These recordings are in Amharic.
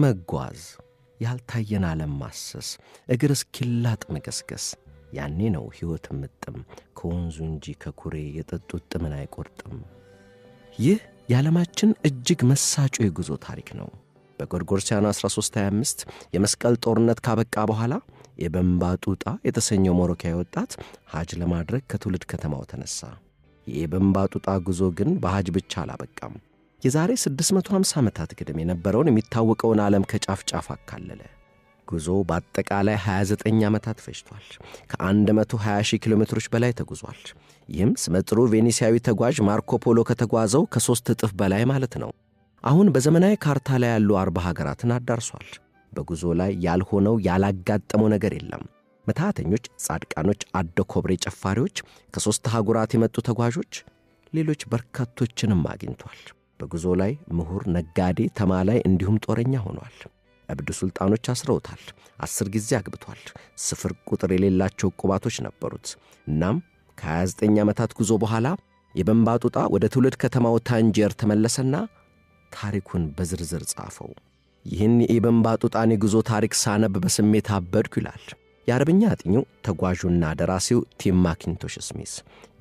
መጓዝ፣ ያልታየን ዓለም ማሰስ፣ እግር እስኪላጥ መገስገስ። ያኔ ነው ሕይወት ምጥም ከወንዙ እንጂ ከኩሬ የጠጡት ጥምን አይቆርጥም። ይህ የዓለማችን እጅግ መሳጩ የጉዞ ታሪክ ነው። በጎርጎርሲያኑ 1325 የመስቀል ጦርነት ካበቃ በኋላ የበንባ ጡጣ የተሰኘው ሞሮካዊ ወጣት ሐጅ ለማድረግ ከትውልድ ከተማው ተነሳ። የበንባ ጡጣ ጉዞ ግን በሐጅ ብቻ አላበቃም። የዛሬ 650 ዓመታት ግድም የነበረውን የሚታወቀውን ዓለም ከጫፍ ጫፍ አካለለ። ጉዞ በአጠቃላይ 29 ዓመታት ፈጅቷል። ከ120 ሺህ ኪሎ ሜትሮች በላይ ተጉዟል። ይህም ስመጥሩ ቬኒሲያዊ ተጓዥ ማርኮ ፖሎ ከተጓዘው ከሦስት እጥፍ በላይ ማለት ነው። አሁን በዘመናዊ ካርታ ላይ ያሉ አርባ ሀገራትን አዳርሷል። በጉዞ ላይ ያልሆነው ያላጋጠመው ነገር የለም። መታተኞች፣ ጻድቃኖች፣ አደ ኮብሬ ጨፋሪዎች፣ ከሦስት አህጉራት የመጡ ተጓዦች፣ ሌሎች በርካቶችንም አግኝቷል። በጉዞ ላይ ምሁር፣ ነጋዴ፣ ተማላይ እንዲሁም ጦረኛ ሆኗል። እብድ ሱልጣኖች አስረውታል። አስር ጊዜ አግብቷል። ስፍር ቁጥር የሌላቸው ቁባቶች ነበሩት። እናም ከ29 ዓመታት ጉዞ በኋላ የበንባ ጦጣ ወደ ትውልድ ከተማው ታንጀር ተመለሰና ታሪኩን በዝርዝር ጻፈው። ይህን የበንባ ጦጣን የጉዞ ታሪክ ሳነብ በስሜት አበድኩ ይላል። የአረብኛ አጥኚው ተጓዡና ደራሲው ቲም ማኪንቶሽ ስሚስ።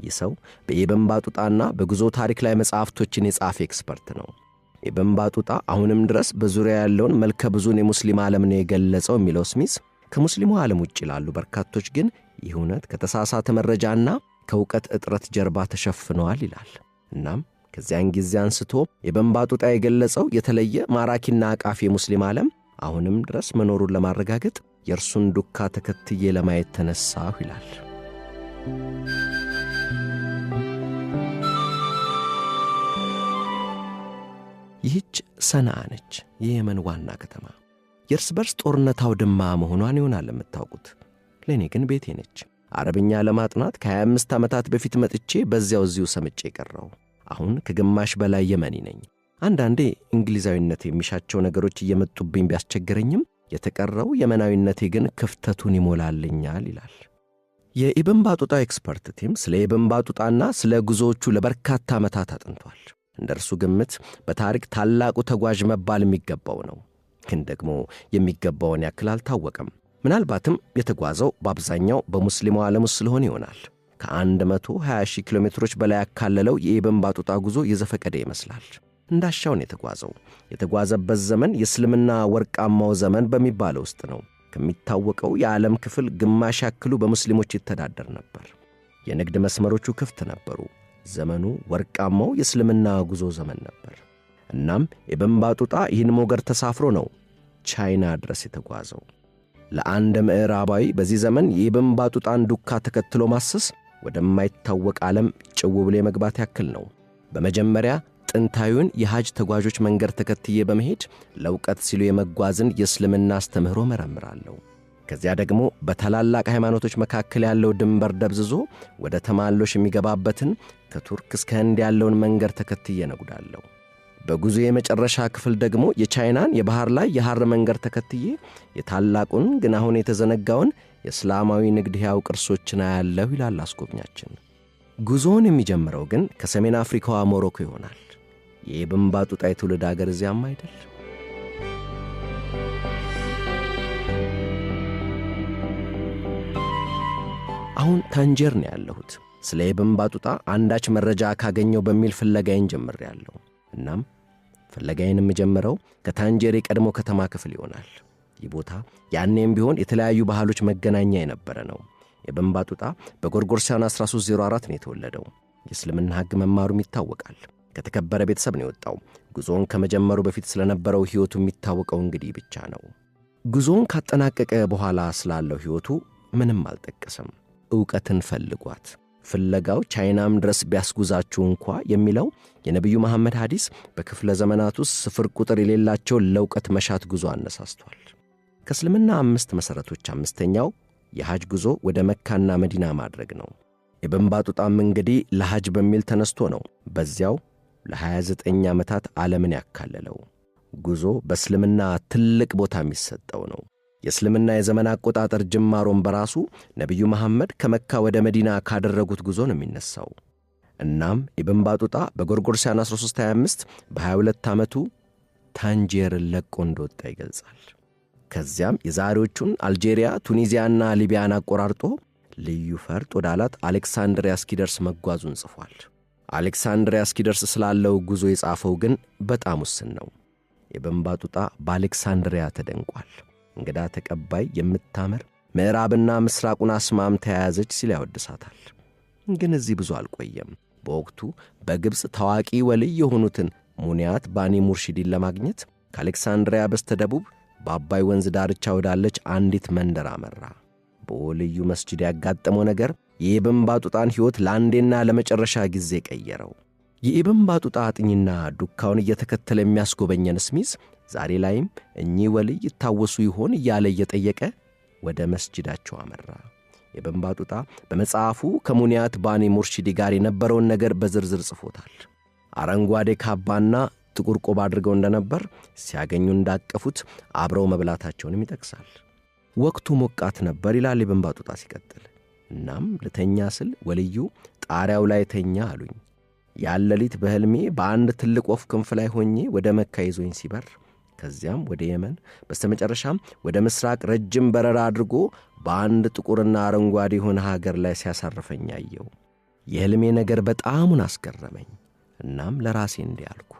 ይህ ሰው በየበንባጡጣና በጉዞ ታሪክ ላይ መጽሐፍቶችን የጻፈ ኤክስፐርት ነው። የበንባጡጣ አሁንም ድረስ በዙሪያ ያለውን መልከ ብዙን የሙስሊም ዓለም ነው የገለጸው የሚለው ስሚስ፣ ከሙስሊሙ ዓለም ውጭ ላሉ በርካቶች ግን ይህ እውነት ከተሳሳተ መረጃና ከእውቀት እጥረት ጀርባ ተሸፍነዋል ይላል። እናም ከዚያን ጊዜ አንስቶ የበንባጡጣ የገለጸው የተለየ ማራኪና አቃፊ የሙስሊም ዓለም አሁንም ድረስ መኖሩን ለማረጋገጥ የእርሱን ዱካ ተከትዬ ለማየት ተነሣሁ ይላል። ይህች ሰናአ ነች፣ የየመን ዋና ከተማ። የእርስ በርስ ጦርነት አውድማ መሆኗን ይሆናል የምታውቁት። ለእኔ ግን ቤቴ ነች። አረብኛ ለማጥናት ከ25 ዓመታት በፊት መጥቼ በዚያው እዚሁ ሰምጬ የቀረው። አሁን ከግማሽ በላይ የመኒ ነኝ። አንዳንዴ እንግሊዛዊነት የሚሻቸው ነገሮች እየመጡብኝ ቢያስቸግረኝም የተቀረው የመናዊነቴ ግን ክፍተቱን ይሞላልኛል ይላል። የኢብን ባጡጣ ኤክስፐርት ቲም ስለ ኢብን ባጡጣና ስለ ጉዞዎቹ ለበርካታ ዓመታት አጥንቷል። እንደ እርሱ ግምት በታሪክ ታላቁ ተጓዥ መባል የሚገባው ነው። ግን ደግሞ የሚገባውን ያክል አልታወቀም። ምናልባትም የተጓዘው በአብዛኛው በሙስሊሙ ዓለም ውስጥ ስለሆነ ይሆናል። ከ120 ኪሎ ሜትሮች በላይ ያካለለው የኢብን ባጡጣ ጉዞ የዘፈቀደ ይመስላል። እንዳሻውን የተጓዘው። የተጓዘበት ዘመን የእስልምና ወርቃማው ዘመን በሚባል ውስጥ ነው። ከሚታወቀው የዓለም ክፍል ግማሽ ያክሉ በሙስሊሞች ይተዳደር ነበር። የንግድ መስመሮቹ ክፍት ነበሩ። ዘመኑ ወርቃማው የእስልምና ጉዞ ዘመን ነበር። እናም ኢብን ባጡጣ ይህን ሞገድ ተሳፍሮ ነው ቻይና ድረስ የተጓዘው። ለአንድ ምዕራባዊ በዚህ ዘመን የኢብን ባጡጣን ዱካ ተከትሎ ማሰስ ወደማይታወቅ ዓለም ጭው ብሎ የመግባት ያክል ነው። በመጀመሪያ ጥንታዊውን የሐጅ ተጓዦች መንገድ ተከትዬ በመሄድ ለእውቀት ሲሉ የመጓዝን የእስልምና አስተምህሮ መረምራለሁ። ከዚያ ደግሞ በታላላቅ ሃይማኖቶች መካከል ያለው ድንበር ደብዝዞ ወደ ተማሎች የሚገባበትን ከቱርክ እስከ ህንድ ያለውን መንገድ ተከትዬ ነጉዳለሁ በጉዞ የመጨረሻ ክፍል ደግሞ የቻይናን የባህር ላይ የሐር መንገድ ተከትዬ የታላቁን ግን አሁን የተዘነጋውን የእስላማዊ ንግድ ሕያው ቅርሶችን አያለሁ ይላል አስጎብኛችን። ጉዞውን የሚጀምረው ግን ከሰሜን አፍሪካዋ ሞሮኮ ይሆናል። የኢብን ባጡጣ የትውልድ አገር እዚያም አይደል? አሁን ታንጀር ነው ያለሁት። ስለ ኢብን ባጡጣ አንዳች መረጃ ካገኘው በሚል ፍለጋዬን ያለው። እናም ፍለጋዬን የምጀምረው ከታንጀር የቀድሞ ከተማ ክፍል ይሆናል። ይህ ቦታ ያኔም ቢሆን የተለያዩ ባህሎች መገናኛ የነበረ ነው። ኢብን ባጡጣ በጎርጎርሳውያን 1304 ነው የተወለደው። የእስልምና ሕግ መማሩም ይታወቃል። ከተከበረ ቤተሰብ ነው የወጣው። ጉዞውን ከመጀመሩ በፊት ስለነበረው ሕይወቱ የሚታወቀው እንግዲህ ብቻ ነው። ጉዞውን ካጠናቀቀ በኋላ ስላለው ሕይወቱ ምንም አልጠቀሰም። ዕውቀትን ፈልጓት ፍለጋው ቻይናም ድረስ ቢያስጉዛችሁ እንኳ የሚለው የነቢዩ መሐመድ ሐዲስ በክፍለ ዘመናት ውስጥ ስፍር ቁጥር የሌላቸውን ለእውቀት መሻት ጉዞ አነሳስቷል። ከእስልምና አምስት መሠረቶች አምስተኛው የሐጅ ጉዞ ወደ መካና መዲና ማድረግ ነው። ኢብን ባጡጣም እንግዲህ ለሐጅ በሚል ተነስቶ ነው በዚያው ለ29 ዓመታት ዓለምን ያካለለው ጉዞ በእስልምና ትልቅ ቦታ የሚሰጠው ነው። የእስልምና የዘመን አቆጣጠር ጅማሮን በራሱ ነቢዩ መሐመድ ከመካ ወደ መዲና ካደረጉት ጉዞ ነው የሚነሳው። እናም ኢብን ባጡጣ በጎርጎርሲያን 1325 በ22 ዓመቱ ታንጄርን ለቆ እንደወጣ ይገልጻል። ከዚያም የዛሬዎቹን አልጄሪያ፣ ቱኒዚያና ሊቢያን አቆራርጦ ልዩ ፈርጥ ወዳላት አሌክሳንድሪያ እስኪደርስ መጓዙን ጽፏል። አሌክሳንድሪያ እስኪደርስ ስላለው ጉዞ የጻፈው ግን በጣም ውስን ነው። የበንባ ጡጣ በአሌክሳንድሪያ ተደንቋል። እንግዳ ተቀባይ፣ የምታምር ምዕራብና ምስራቁን አስማም ተያያዘች ሲል ያወድሳታል። ግን እዚህ ብዙ አልቆየም። በወቅቱ በግብፅ ታዋቂ ወልይ የሆኑትን ሙኒያት ባኒ ሙርሺዲን ለማግኘት ከአሌክሳንድሪያ በስተ ደቡብ በአባይ ወንዝ ዳርቻ ወዳለች አንዲት መንደር አመራ። በወልዩ መስጂድ ያጋጠመው ነገር የኢብን ባጡጣን ሕይወት ለአንዴና ለመጨረሻ ጊዜ ቀየረው። የኢብን ባጡጣ አጥኝና ዱካውን እየተከተለ የሚያስጎበኘን ስሚዝ ዛሬ ላይም እኚህ ወልይ ይታወሱ ይሆን እያለ እየጠየቀ ወደ መስጅዳቸው አመራ። ኢብን ባጡጣ በመጽሐፉ ከሙኒያት ባኒ ሙርሺዲ ጋር የነበረውን ነገር በዝርዝር ጽፎታል። አረንጓዴ ካባና ጥቁር ቆብ አድርገው እንደነበር ሲያገኙ እንዳቀፉት አብረው መብላታቸውንም ይጠቅሳል። ወቅቱ ሞቃት ነበር ይላል ኢብን ባጡጣ ሲቀጥል እናም ልተኛ ስል ወልዩ ጣሪያው ላይ ተኛ አሉኝ። ያለሊት በሕልሜ በአንድ ትልቅ ወፍ ክንፍ ላይ ሆኜ ወደ መካ ይዞኝ ሲበር፣ ከዚያም ወደ የመን፣ በስተመጨረሻም ወደ ምስራቅ ረጅም በረራ አድርጎ በአንድ ጥቁርና አረንጓዴ የሆነ ሀገር ላይ ሲያሳርፈኝ አየው። የሕልሜ ነገር በጣሙን አስገረመኝ። እናም ለራሴ እንዲህ አልኩ፣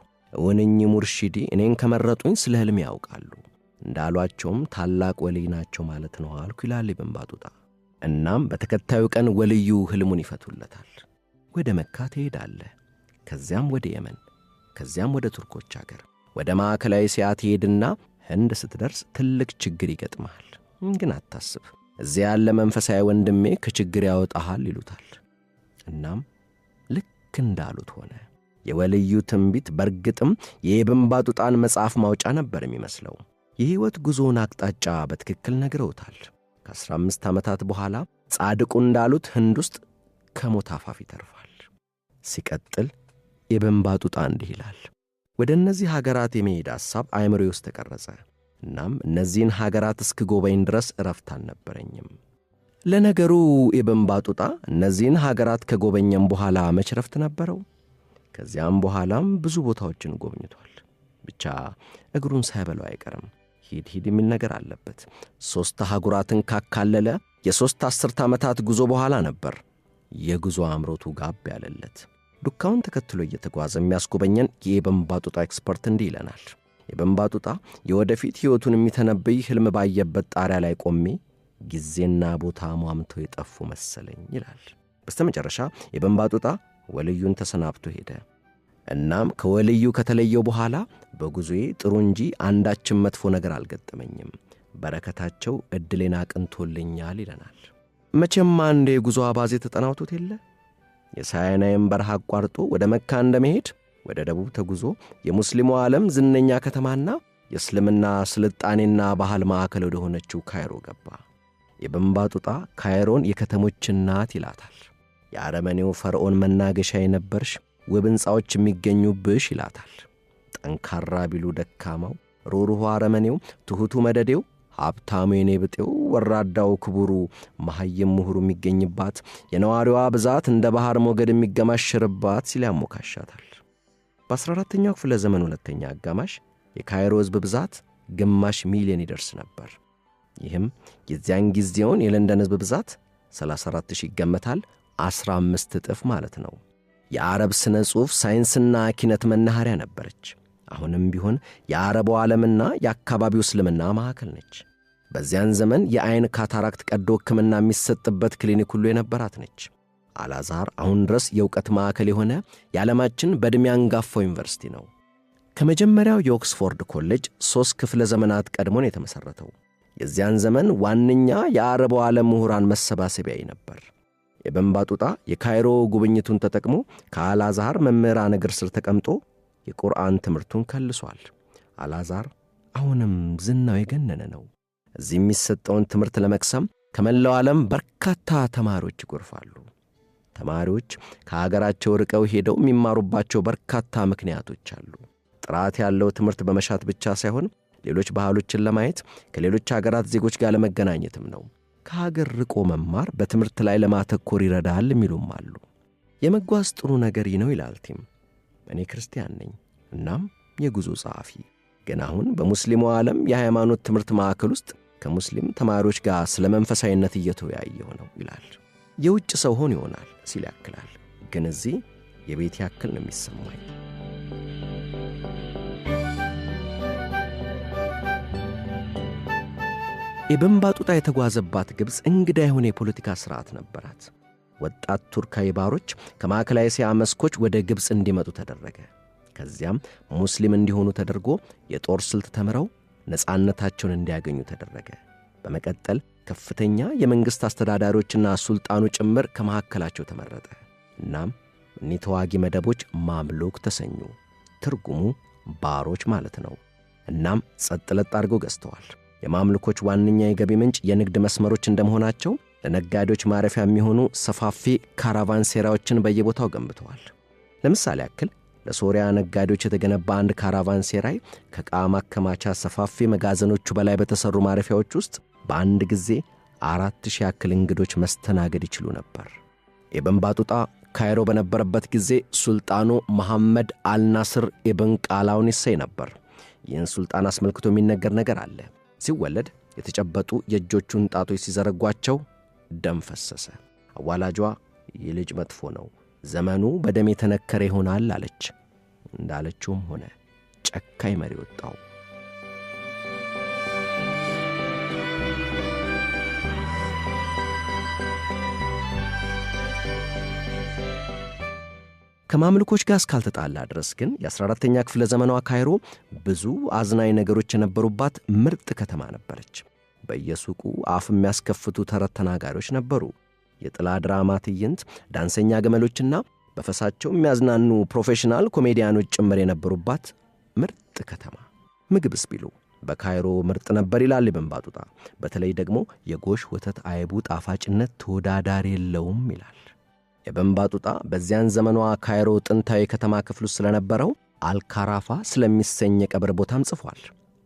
እውንኝ ሙርሺዲ እኔን ከመረጡኝ ስለ ሕልሜ ያውቃሉ። እንዳሏቸውም ታላቅ ወልይ ናቸው ማለት ነው አልኩ ይላል ኢብን ባጡጣ። እናም በተከታዩ ቀን ወልዩ ሕልሙን ይፈቱለታል። ወደ መካ ትሄዳለ፣ ከዚያም ወደ የመን፣ ከዚያም ወደ ቱርኮች አገር፣ ወደ ማዕከላዊ እስያ ትሄድና ህንድ ስትደርስ ትልቅ ችግር ይገጥመሃል። ግን አታስብ፣ እዚያ ያለ መንፈሳዊ ወንድሜ ከችግር ያወጣሃል ይሉታል። እናም ልክ እንዳሉት ሆነ። የወልዩ ትንቢት በርግጥም የየብንባጡጣን መጽሐፍ ማውጫ ነበር የሚመስለው። የሕይወት ጉዞውን አቅጣጫ በትክክል ነግረውታል። ከ15 ዓመታት በኋላ ጻድቁ እንዳሉት ህንድ ውስጥ ከሞት አፋፍ ይተርፋል። ሲቀጥል የበንባ ጡጣ እንዲህ ይላል። ወደ እነዚህ ሀገራት የመሄድ ሐሳብ አእምሮዬ ውስጥ ተቀረጸ። እናም እነዚህን ሀገራት እስክጎበኝ ድረስ እረፍት አልነበረኝም። ለነገሩ የበንባ ጡጣ እነዚህን ሀገራት ከጎበኘም በኋላ መች ረፍት ነበረው? ከዚያም በኋላም ብዙ ቦታዎችን ጎብኝቷል። ብቻ እግሩን ሳይበለው አይቀርም። ሂድ ሂድ የሚል ነገር አለበት። ሦስት አህጉራትን ካካለለ የሦስት አስርተ ዓመታት ጉዞ በኋላ ነበር የጉዞ አእምሮቱ ጋብ ያለለት። ዱካውን ተከትሎ እየተጓዘ የሚያስጎበኘን የበንባጡጣ ኤክስፐርት እንዲህ ይለናል። የበንባጡጣ የወደፊት ሕይወቱን የሚተነብይ ሕልም ባየበት ጣሪያ ላይ ቆሜ ጊዜና ቦታ ሟምተው የጠፉ መሰለኝ ይላል። መጨረሻ የበንባጡጣ ወልዩን ተሰናብቶ ሄደ። እናም ከወልዩ ከተለየው በኋላ በጉዞዬ ጥሩ እንጂ አንዳችም መጥፎ ነገር አልገጠመኝም። በረከታቸው ዕድሌን አቅንቶልኛል ይለናል። መቼም አንድ የጉዞ አባዜ ተጠናውቶት የለ የሳይናይም በረሃ አቋርጦ ወደ መካ እንደመሄድ ወደ ደቡብ ተጉዞ የሙስሊሙ ዓለም ዝነኛ ከተማና የእስልምና ስልጣኔና ባህል ማዕከል ወደ ሆነችው ካይሮ ገባ። ጡጣ ካይሮን የከተሞች እናት ይላታል። የአረመኔው ፈርዖን መናገሻ የነበርሽ ውብ ሕንፃዎች የሚገኙብሽ ይላታል። ጠንካራ ቢሉ ደካማው፣ ሩሩሁ አረመኔው፣ ትሑቱ መደዴው፣ ሀብታሙ የኔ ብጤው፣ ወራዳው ክቡሩ፣ መሐይም ምሁሩ የሚገኝባት የነዋሪዋ ብዛት እንደ ባሕር ሞገድ የሚገማሽርባት ሲል ያሞካሻታል። በ14ተኛው ክፍለ ዘመን ሁለተኛ አጋማሽ የካይሮ ሕዝብ ብዛት ግማሽ ሚሊዮን ይደርስ ነበር። ይህም የዚያን ጊዜውን የለንደን ሕዝብ ብዛት 34 ሺህ ይገመታል፣ 15 እጥፍ ማለት ነው። የአረብ ሥነ ጽሑፍ ሳይንስና ኪነት መናኸሪያ ነበረች። አሁንም ቢሆን የአረቡ ዓለምና የአካባቢው እስልምና ማዕከል ነች። በዚያን ዘመን የአይን ካታራክት ቀዶ ሕክምና የሚሰጥበት ክሊኒክ ሁሉ የነበራት ነች። አልዓዛር አሁን ድረስ የእውቀት ማዕከል የሆነ የዓለማችን በዕድሜ አንጋፋው ዩኒቨርሲቲ ነው። ከመጀመሪያው የኦክስፎርድ ኮሌጅ ሦስት ክፍለ ዘመናት ቀድሞን የተመሠረተው የዚያን ዘመን ዋነኛ የአረቡ ዓለም ምሁራን መሰባሰቢያ ነበር። ጡጣ የካይሮ ጉብኝቱን ተጠቅሞ ከአልዛር መምህራን እግር ስር ተቀምጦ የቁርአን ትምህርቱን ከልሷል። አልዛር አሁንም ዝናው የገነነ ነው። እዚህ የሚሰጠውን ትምህርት ለመቅሰም ከመላው ዓለም በርካታ ተማሪዎች ይጎርፋሉ። ተማሪዎች ከአገራቸው ርቀው ሄደው የሚማሩባቸው በርካታ ምክንያቶች አሉ። ጥራት ያለው ትምህርት በመሻት ብቻ ሳይሆን ሌሎች ባህሎችን ለማየት ከሌሎች አገራት ዜጎች ጋር ለመገናኘትም ነው። ከሀገር ርቆ መማር በትምህርት ላይ ለማተኮር ይረዳል የሚሉም አሉ። የመጓዝ ጥሩ ነገር ነው ይላል ቲም። እኔ ክርስቲያን ነኝ፣ እናም የጉዞ ጸሐፊ። ግን አሁን በሙስሊሙ ዓለም የሃይማኖት ትምህርት ማዕከል ውስጥ ከሙስሊም ተማሪዎች ጋር ስለ መንፈሳዊነት እየተወያየሁ ነው ይላል። የውጭ ሰው ሆን ይሆናል ሲል ያክላል። ግን እዚህ የቤት ያክል ነው የሚሰማኝ። የበንባ የተጓዘባት ግብፅ እንግዳ የሆነ የፖለቲካ ሥርዓት ነበራት። ወጣት ቱርካዊ ባሮች ከማዕከላዊ እስያ መስኮች ወደ ግብፅ እንዲመጡ ተደረገ። ከዚያም ሙስሊም እንዲሆኑ ተደርጎ የጦር ስልት ተምረው ነፃነታቸውን እንዲያገኙ ተደረገ። በመቀጠል ከፍተኛ የመንግሥት አስተዳዳሪዎችና ሱልጣኑ ጭምር ከመካከላቸው ተመረጠ። እናም እኒህ ተዋጊ መደቦች ማምሉክ ተሰኙ። ትርጉሙ ባሮች ማለት ነው። እናም ጸጥ ለጥ አድርገው ገዝተዋል። የማምልኮች ዋነኛ የገቢ ምንጭ የንግድ መስመሮች እንደመሆናቸው ለነጋዴዎች ማረፊያ የሚሆኑ ሰፋፊ ካራቫን ሴራዎችን በየቦታው ገንብተዋል። ለምሳሌ ያክል ለሶሪያ ነጋዴዎች የተገነባ አንድ ካራቫን ሴራይ ከዕቃ ማከማቻ ሰፋፊ መጋዘኖቹ በላይ በተሠሩ ማረፊያዎች ውስጥ በአንድ ጊዜ አራት ሺህ ያክል እንግዶች መስተናገድ ይችሉ ነበር። የበንባጡጣ ካይሮ በነበረበት ጊዜ ሱልጣኑ መሐመድ አልናስር ኢብን ቃላውን ይሰይ ነበር። ይህን ሱልጣን አስመልክቶ የሚነገር ነገር አለ። ሲወለድ የተጨበጡ የእጆቹን ጣቶች ሲዘረጓቸው ደም ፈሰሰ። አዋላጇ ይህ ልጅ መጥፎ ነው፣ ዘመኑ በደም የተነከረ ይሆናል አለች። እንዳለችውም ሆነ። ጨካኝ መሪ ወጣው። ከማምልኮች ጋር እስካልተጣላ ድረስ ግን የ14ተኛ ክፍለ ዘመኗ ካይሮ ብዙ አዝናኝ ነገሮች የነበሩባት ምርጥ ከተማ ነበረች። በየሱቁ አፍ የሚያስከፍቱ ተረት ተናጋሪዎች ነበሩ። የጥላ ድራማ ትዕይንት፣ ዳንሰኛ ገመሎችና በፈሳቸው የሚያዝናኑ ፕሮፌሽናል ኮሜዲያኖች ጭምር የነበሩባት ምርጥ ከተማ። ምግብስ ቢሉ በካይሮ ምርጥ ነበር ይላል ኢብን ባጡጣ። በተለይ ደግሞ የጎሽ ወተት አይቡ ጣፋጭነት ተወዳዳሪ የለውም ይላል። የበንባጡጣ በዚያን ዘመኗ ካይሮ ጥንታዊ ከተማ ክፍል ውስጥ ስለነበረው አልካራፋ ስለሚሰኝ የቀብር ቦታም ጽፏል።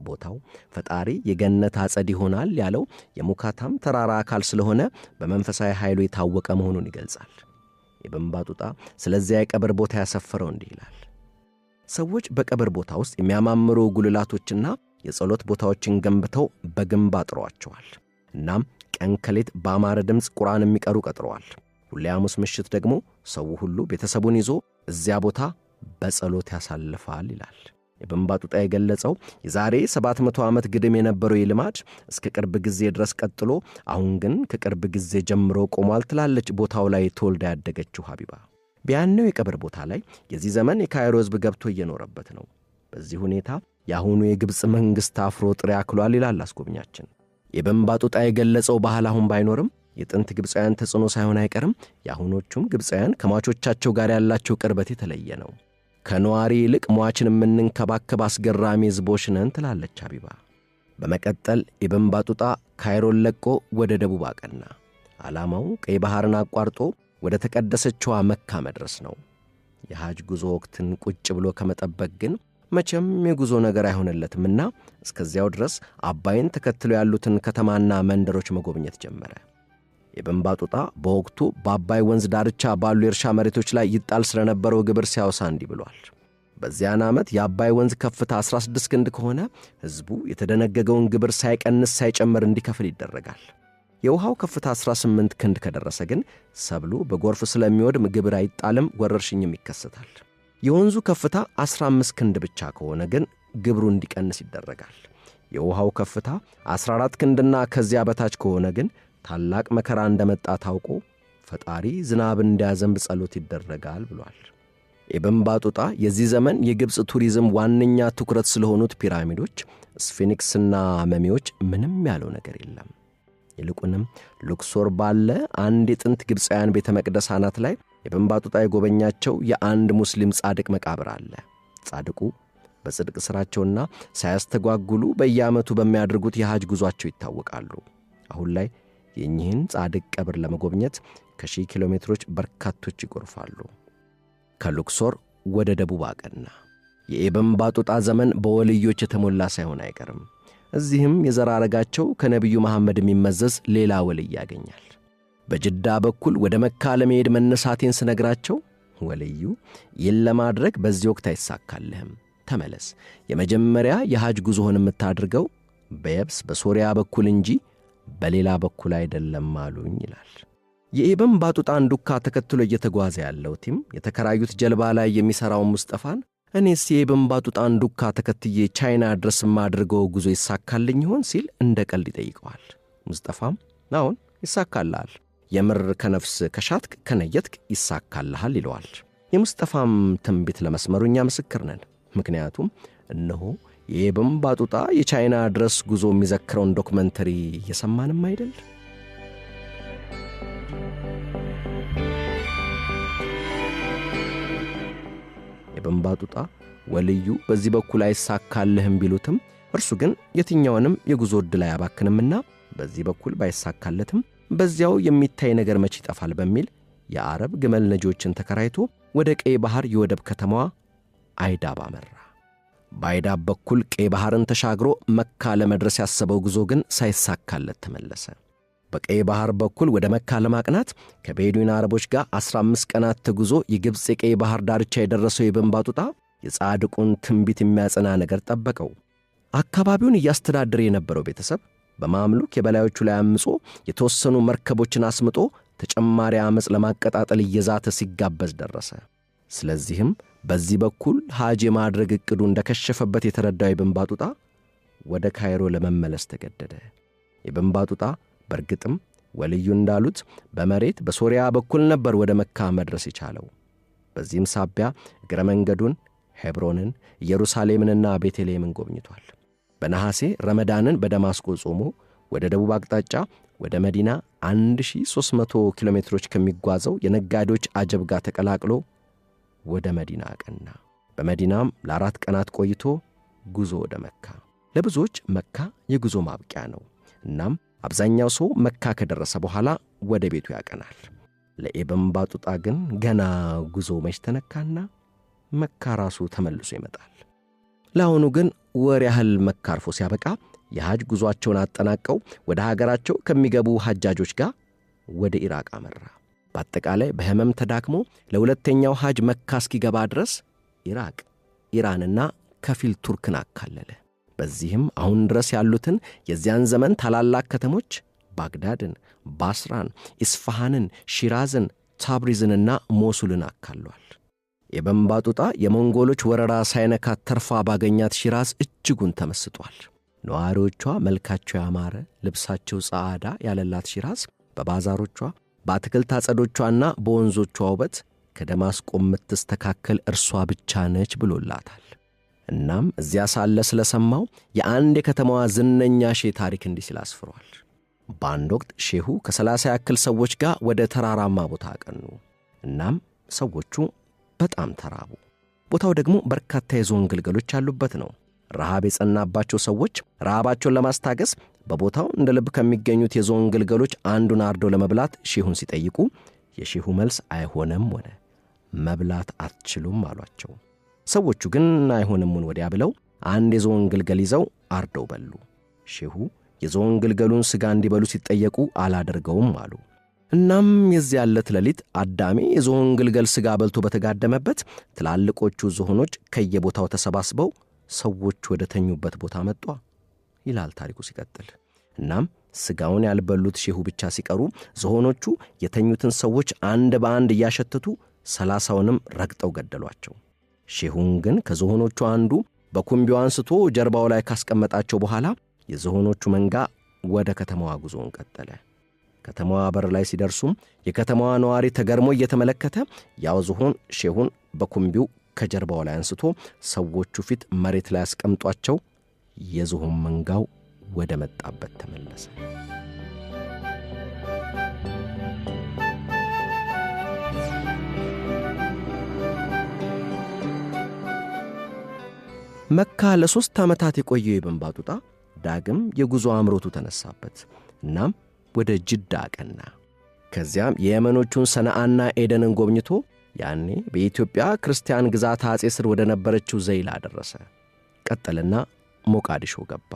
ቦታው ፈጣሪ የገነት አጸድ ይሆናል ያለው የሙካታም ተራራ አካል ስለሆነ በመንፈሳዊ ኃይሉ የታወቀ መሆኑን ይገልጻል። የበንባጡጣ ስለዚያ የቀብር ቦታ ያሰፈረው እንዲህ ይላል። ሰዎች በቀብር ቦታ ውስጥ የሚያማምሩ ጉልላቶችና የጸሎት ቦታዎችን ገንብተው በግንብ አጥረዋቸዋል። እናም ቀን ከሌት በአማረ ድምፅ ቁርአን የሚቀሩ ቀጥረዋል። ሁሌ ሐሙስ ምሽት ደግሞ ሰው ሁሉ ቤተሰቡን ይዞ እዚያ ቦታ በጸሎት ያሳልፋል ይላል። የበንባ ጡጣ የገለጸው የዛሬ 700 ዓመት ግድም የነበረው የልማድ እስከ ቅርብ ጊዜ ድረስ ቀጥሎ አሁን ግን ከቅርብ ጊዜ ጀምሮ ቆሟል ትላለች ቦታው ላይ ተወልዳ ያደገችው ሀቢባ። ቢያኔው የቀብር ቦታ ላይ የዚህ ዘመን የካይሮ ሕዝብ ገብቶ እየኖረበት ነው። በዚህ ሁኔታ የአሁኑ የግብፅ መንግሥት አፍሮ ጥሬ አክሏል ይላል አስጎብኛችን። የበንባ ጡጣ የገለጸው ባህል አሁን ባይኖርም የጥንት ግብፃውያን ተጽዕኖ ሳይሆን አይቀርም የአሁኖቹም ግብፃውያን ከሟቾቻቸው ጋር ያላቸው ቅርበት የተለየ ነው። ከነዋሪ ይልቅ ሟችን የምንንከባከብ አስገራሚ ሕዝቦች ነን ትላለች አቢባ። በመቀጠል ኢብን ባጡጣ ካይሮን ለቆ ወደ ደቡብ አቀና። ዓላማው ቀይ ባሕርን አቋርጦ ወደ ተቀደሰችዋ መካ መድረስ ነው። የሐጅ ጉዞ ወቅትን ቁጭ ብሎ ከመጠበቅ ግን መቼም የጉዞ ነገር አይሆንለትምና እስከዚያው ድረስ አባይን ተከትሎ ያሉትን ከተማና መንደሮች መጎብኘት ጀመረ። የብንባ ጦጣ በወቅቱ በአባይ ወንዝ ዳርቻ ባሉ የእርሻ መሬቶች ላይ ይጣል ስለነበረው ግብር ሲያወሳ እንዲህ ብሏል። በዚያን ዓመት የአባይ ወንዝ ከፍታ 16 ክንድ ከሆነ ሕዝቡ የተደነገገውን ግብር ሳይቀንስ ሳይጨምር እንዲከፍል ይደረጋል። የውሃው ከፍታ 18 ክንድ ከደረሰ ግን ሰብሉ በጎርፍ ስለሚወድም ግብር አይጣልም፣ ወረርሽኝም ይከሰታል። የወንዙ ከፍታ 15 ክንድ ብቻ ከሆነ ግን ግብሩ እንዲቀንስ ይደረጋል። የውሃው ከፍታ 14 ክንድና ከዚያ በታች ከሆነ ግን ታላቅ መከራ እንደመጣ ታውቆ ፈጣሪ ዝናብ እንዲያዘንብ ጸሎት ይደረጋል ብሏል። የበንባ የዚህ ዘመን የግብፅ ቱሪዝም ዋነኛ ትኩረት ስለሆኑት ፒራሚዶች፣ ስፊንክስና መሚዎች ምንም ያለው ነገር የለም። ይልቁንም ሉክሶር ባለ አንድ የጥንት ግብፃውያን ቤተ መቅደስ አናት ላይ የበንባ የጎበኛቸው የአንድ ሙስሊም ጻድቅ መቃብር አለ። ጻድቁ በጽድቅ ሥራቸውና ሳያስተጓጉሉ በየዓመቱ በሚያደርጉት የሐጅ ጉዟቸው ይታወቃሉ። አሁን ላይ የእኚህን ጻድቅ ቀብር ለመጎብኘት ከሺህ ኪሎ ሜትሮች በርካቶች ይጎርፋሉ። ከሉክሶር ወደ ደቡብ አቀና። የኢብን ባጡጣ ዘመን በወልዮች የተሞላ ሳይሆን አይቀርም። እዚህም የዘራረጋቸው ከነቢዩ መሐመድ የሚመዘዝ ሌላ ወልይ ያገኛል። በጅዳ በኩል ወደ መካ ለመሄድ መነሳቴን ስነግራቸው ወልዩ ይህን ለማድረግ በዚህ ወቅት አይሳካልህም፣ ተመለስ። የመጀመሪያ የሐጅ ጉዞህን የምታድርገው በየብስ በሶሪያ በኩል እንጂ በሌላ በኩል አይደለም አሉኝ ይላል። የኢብን ባጡጣን ዱካ ተከትሎ እየተጓዘ ያለው ቲም የተከራዩት ጀልባ ላይ የሚሠራውን ሙስጠፋን እኔስ የኢብን ባጡጣን ዱካ ተከትዬ ቻይና ድረስ የማድርገው ጉዞ ይሳካልኝ ይሆን ሲል እንደ ቀልድ ይጠይቀዋል። ሙስጠፋም አዎን ይሳካልሃል፣ የምር ከነፍስ ከሻትክ ከነየትክ ይሳካልሃል ይለዋል። የሙስጠፋም ትንቢት ለመስመሩ እኛ ምስክር ነን። ምክንያቱም እነሆ የየብም ባጡጣ የቻይና ድረስ ጉዞ የሚዘክረውን ዶክመንተሪ እየሰማንም አይደል? የየብም ባጡጣ ወልዩ በዚህ በኩል አይሳካልህም ቢሉትም እርሱ ግን የትኛውንም የጉዞ ዕድል አያባክንምና በዚህ በኩል ባይሳካለትም በዚያው የሚታይ ነገር መቼ ይጠፋል በሚል የአረብ ግመል ነጂዎችን ተከራይቶ ወደ ቀይ ባህር የወደብ ከተማዋ አይዳብ አመራ። ባይዳ በኩል ቀይ ባሕርን ተሻግሮ መካ ለመድረስ ያሰበው ጉዞ ግን ሳይሳካለት ተመለሰ። በቀይ ባሕር በኩል ወደ መካ ለማቅናት ከቤዱዊን አረቦች ጋር 15 ቀናት ተጉዞ የግብፅ የቀይ ባሕር ዳርቻ የደረሰው የበንባ ጡጣ የጻድቁን ትንቢት የሚያጸና ነገር ጠበቀው። አካባቢውን እያስተዳደረ የነበረው ቤተሰብ በማምሉክ የበላዮቹ ላይ አምጾ የተወሰኑ መርከቦችን አስምጦ ተጨማሪ ዓመፅ ለማቀጣጠል እየዛተ ሲጋበዝ ደረሰ። ስለዚህም በዚህ በኩል ሐጅ የማድረግ ዕቅዱ እንደከሸፈበት የተረዳው የብንባጡጣ ወደ ካይሮ ለመመለስ ተገደደ። የብንባጡጣ በእርግጥም ወልዩ እንዳሉት በመሬት በሶሪያ በኩል ነበር ወደ መካ መድረስ የቻለው። በዚህም ሳቢያ እግረ መንገዱን ሄብሮንን፣ ኢየሩሳሌምንና ቤተልሔምን ጎብኝቷል። በነሐሴ ረመዳንን በደማስቆ ጾሞ ወደ ደቡብ አቅጣጫ ወደ መዲና 1300 ኪሎ ሜትሮች ከሚጓዘው የነጋዴዎች አጀብ ጋር ተቀላቅሎ ወደ መዲና አቀና። በመዲናም ለአራት ቀናት ቆይቶ ጉዞ ወደ መካ። ለብዙዎች መካ የጉዞ ማብቂያ ነው። እናም አብዛኛው ሰው መካ ከደረሰ በኋላ ወደ ቤቱ ያቀናል። ለኢብን ባጡጣ ግን ገና ጉዞ መች ተነካና መካ ራሱ ተመልሶ ይመጣል። ለአሁኑ ግን ወር ያህል መካ አርፎ ሲያበቃ የሐጅ ጉዞአቸውን አጠናቀው ወደ ሀገራቸው ከሚገቡ ሐጃጆች ጋር ወደ ኢራቅ አመራ። በአጠቃላይ በህመም ተዳክሞ ለሁለተኛው ሐጅ መካ እስኪገባ ድረስ ኢራቅ፣ ኢራንና ከፊል ቱርክን አካለለ። በዚህም አሁን ድረስ ያሉትን የዚያን ዘመን ታላላቅ ከተሞች ባግዳድን፣ ባስራን፣ ኢስፋሃንን፣ ሺራዝን፣ ታብሪዝንና ሞሱልን አካሏል። የበንባጡጣ የሞንጎሎች ወረራ ሳይነካት ተርፋ ባገኛት ሺራዝ እጅጉን ተመስጧል። ነዋሪዎቿ መልካቸው ያማረ ልብሳቸው ጸዓዳ ያለላት ሺራዝ በባዛሮቿ በአትክልት አጸዶቿና በወንዞቿ ውበት ከደማስቆ የምትስተካከል እርሷ ብቻ ነች ብሎላታል። እናም እዚያ ሳለ ስለሰማው የአንድ የከተማዋ ዝነኛ ሼህ ታሪክ እንዲህ ሲል አስፍሯል። በአንድ ወቅት ሼሁ ከሰላሳ ያክል ሰዎች ጋር ወደ ተራራማ ቦታ አቀኑ። እናም ሰዎቹ በጣም ተራቡ። ቦታው ደግሞ በርካታ የዝሆን ግልገሎች ያሉበት ነው። ረሃብ የጸናባቸው ሰዎች ረሃባቸውን ለማስታገስ በቦታው እንደ ልብ ከሚገኙት የዞን ግልገሎች አንዱን አርዶ ለመብላት ሺሁን ሲጠይቁ የሺሁ መልስ አይሆነም ሆነ። መብላት አትችሉም አሏቸው። ሰዎቹ ግን አይሆንምን ወዲያ ብለው አንድ የዞን ግልገል ይዘው አርደው በሉ። ሺሁ የዞን ግልገሉን ሥጋ እንዲበሉ ሲጠየቁ አላደርገውም አሉ። እናም የዚያ ዕለት ሌሊት አዳሜ የዞን ግልገል ሥጋ በልቶ በተጋደመበት ትላልቆቹ ዝሆኖች ከየቦታው ተሰባስበው ሰዎች ወደ ተኙበት ቦታ መጧ ይላል ታሪኩ ሲቀጥል። እናም ስጋውን ያልበሉት ሼሁ ብቻ ሲቀሩ ዝሆኖቹ የተኙትን ሰዎች አንድ በአንድ እያሸተቱ ሰላሳውንም ረግጠው ገደሏቸው። ሼሁን ግን ከዝሆኖቹ አንዱ በኩምቢው አንስቶ ጀርባው ላይ ካስቀመጣቸው በኋላ የዝሆኖቹ መንጋ ወደ ከተማዋ ጉዞውን ቀጠለ። ከተማዋ በር ላይ ሲደርሱም የከተማዋ ነዋሪ ተገርሞ እየተመለከተ ያው ዝሆን ሼሁን በኩምቢው ከጀርባው ላይ አንስቶ ሰዎቹ ፊት መሬት ላይ አስቀምጧቸው። የዝሆን መንጋው ወደ መጣበት ተመለሰ። መካ ለሦስት ዓመታት የቆየው የበንባጡጣ ዳግም የጉዞ አምሮቱ ተነሳበት። እናም ወደ ጅዳ አቀና። ከዚያም የየመኖቹን ሰነአና ኤደንን ጎብኝቶ ያኔ በኢትዮጵያ ክርስቲያን ግዛት አጼ ስር ወደ ነበረችው ዘይላ ደረሰ። ቀጠልና ሞቃዲሾ ገባ።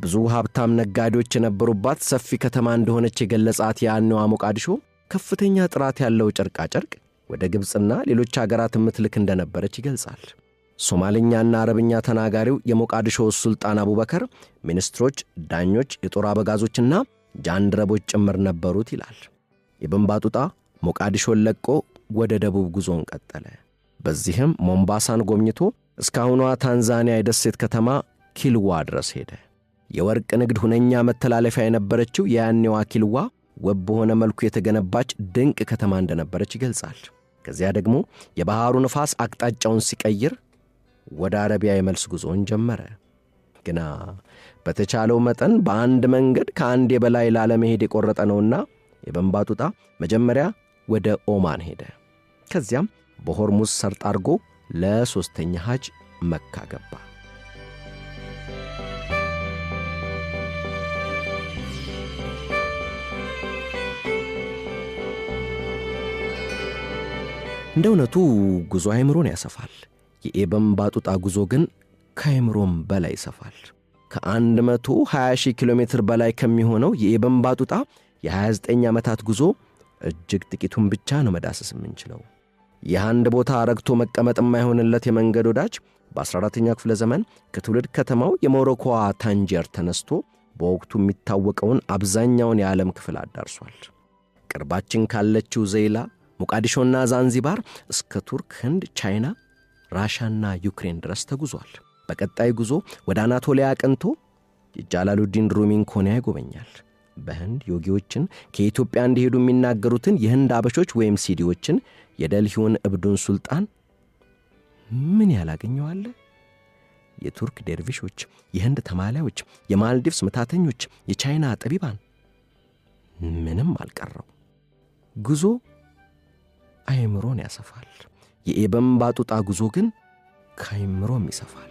ብዙ ሀብታም ነጋዴዎች የነበሩባት ሰፊ ከተማ እንደሆነች የገለጻት ያኔዋ ሞቃዲሾ ከፍተኛ ጥራት ያለው ጨርቃጨርቅ ወደ ግብፅና ሌሎች አገራት ምትልክ እንደነበረች ይገልጻል። ሶማልኛና አረብኛ ተናጋሪው የሞቃዲሾ ሱልጣን አቡበከር ሚኒስትሮች፣ ዳኞች፣ የጦር አበጋዞችና ጃንድረቦች ጭምር ነበሩት ይላል። የበንባጡጣ ሞቃዲሾን ለቆ ወደ ደቡብ ጉዞውን ቀጠለ። በዚህም ሞምባሳን ጎብኝቶ እስካሁኗ ታንዛኒያ የደሴት ከተማ ኪልዋ ድረስ ሄደ። የወርቅ ንግድ ሁነኛ መተላለፊያ የነበረችው የያኔዋ ኪልዋ ውብ በሆነ መልኩ የተገነባች ድንቅ ከተማ እንደነበረች ይገልጻል። ከዚያ ደግሞ የባሕሩ ንፋስ አቅጣጫውን ሲቀይር ወደ አረቢያ የመልስ ጉዞውን ጀመረ። ግና በተቻለው መጠን በአንድ መንገድ ከአንዴ በላይ ላለመሄድ የቆረጠ ነውና የበንባጡጣ መጀመሪያ ወደ ኦማን ሄደ። ከዚያም በሆርሙዝ ሰርጥ አድርጎ ለሦስተኛ ሐጅ መካ ገባ። እንደ እውነቱ ጉዞ አይምሮን ያሰፋል። የኤበን ባጡጣ ጉዞ ግን ከአይምሮም በላይ ይሰፋል። ከ120 ሺህ ኪሎ ሜትር በላይ ከሚሆነው የኤበን ባጡጣ የ29 ዓመታት ጉዞ እጅግ ጥቂቱን ብቻ ነው መዳሰስ የምንችለው። የአንድ ቦታ አረግቶ መቀመጥ የማይሆንለት የመንገድ ወዳጅ በ14ኛ ክፍለ ዘመን ከትውልድ ከተማው የሞሮኮዋ ታንጀር ተነስቶ በወቅቱ የሚታወቀውን አብዛኛውን የዓለም ክፍል አዳርሷል። ቅርባችን ካለችው ዘይላ፣ ሞቃዲሾና ዛንዚባር እስከ ቱርክ፣ ህንድ፣ ቻይና፣ ራሻና ዩክሬን ድረስ ተጉዟል። በቀጣይ ጉዞ ወደ አናቶሊያ አቅንቶ የጃላሉዲን ሩሚን ኮንያ ይጎበኛል። በህንድ ዮጊዎችን ከኢትዮጵያ እንዲሄዱ የሚናገሩትን የህንድ አበሾች ወይም ሲዲዎችን የደልሂውን እብዱን ሱልጣን ምን ያላገኘዋለ የቱርክ ደርቪሾች የህንድ ተማሊያዎች የማልዲቭስ ምታተኞች የቻይና ጠቢባን ምንም አልቀረው ጉዞ አይምሮን ያሰፋል የኤበን ባጡጣ ጉዞ ግን ከአይምሮም ይሰፋል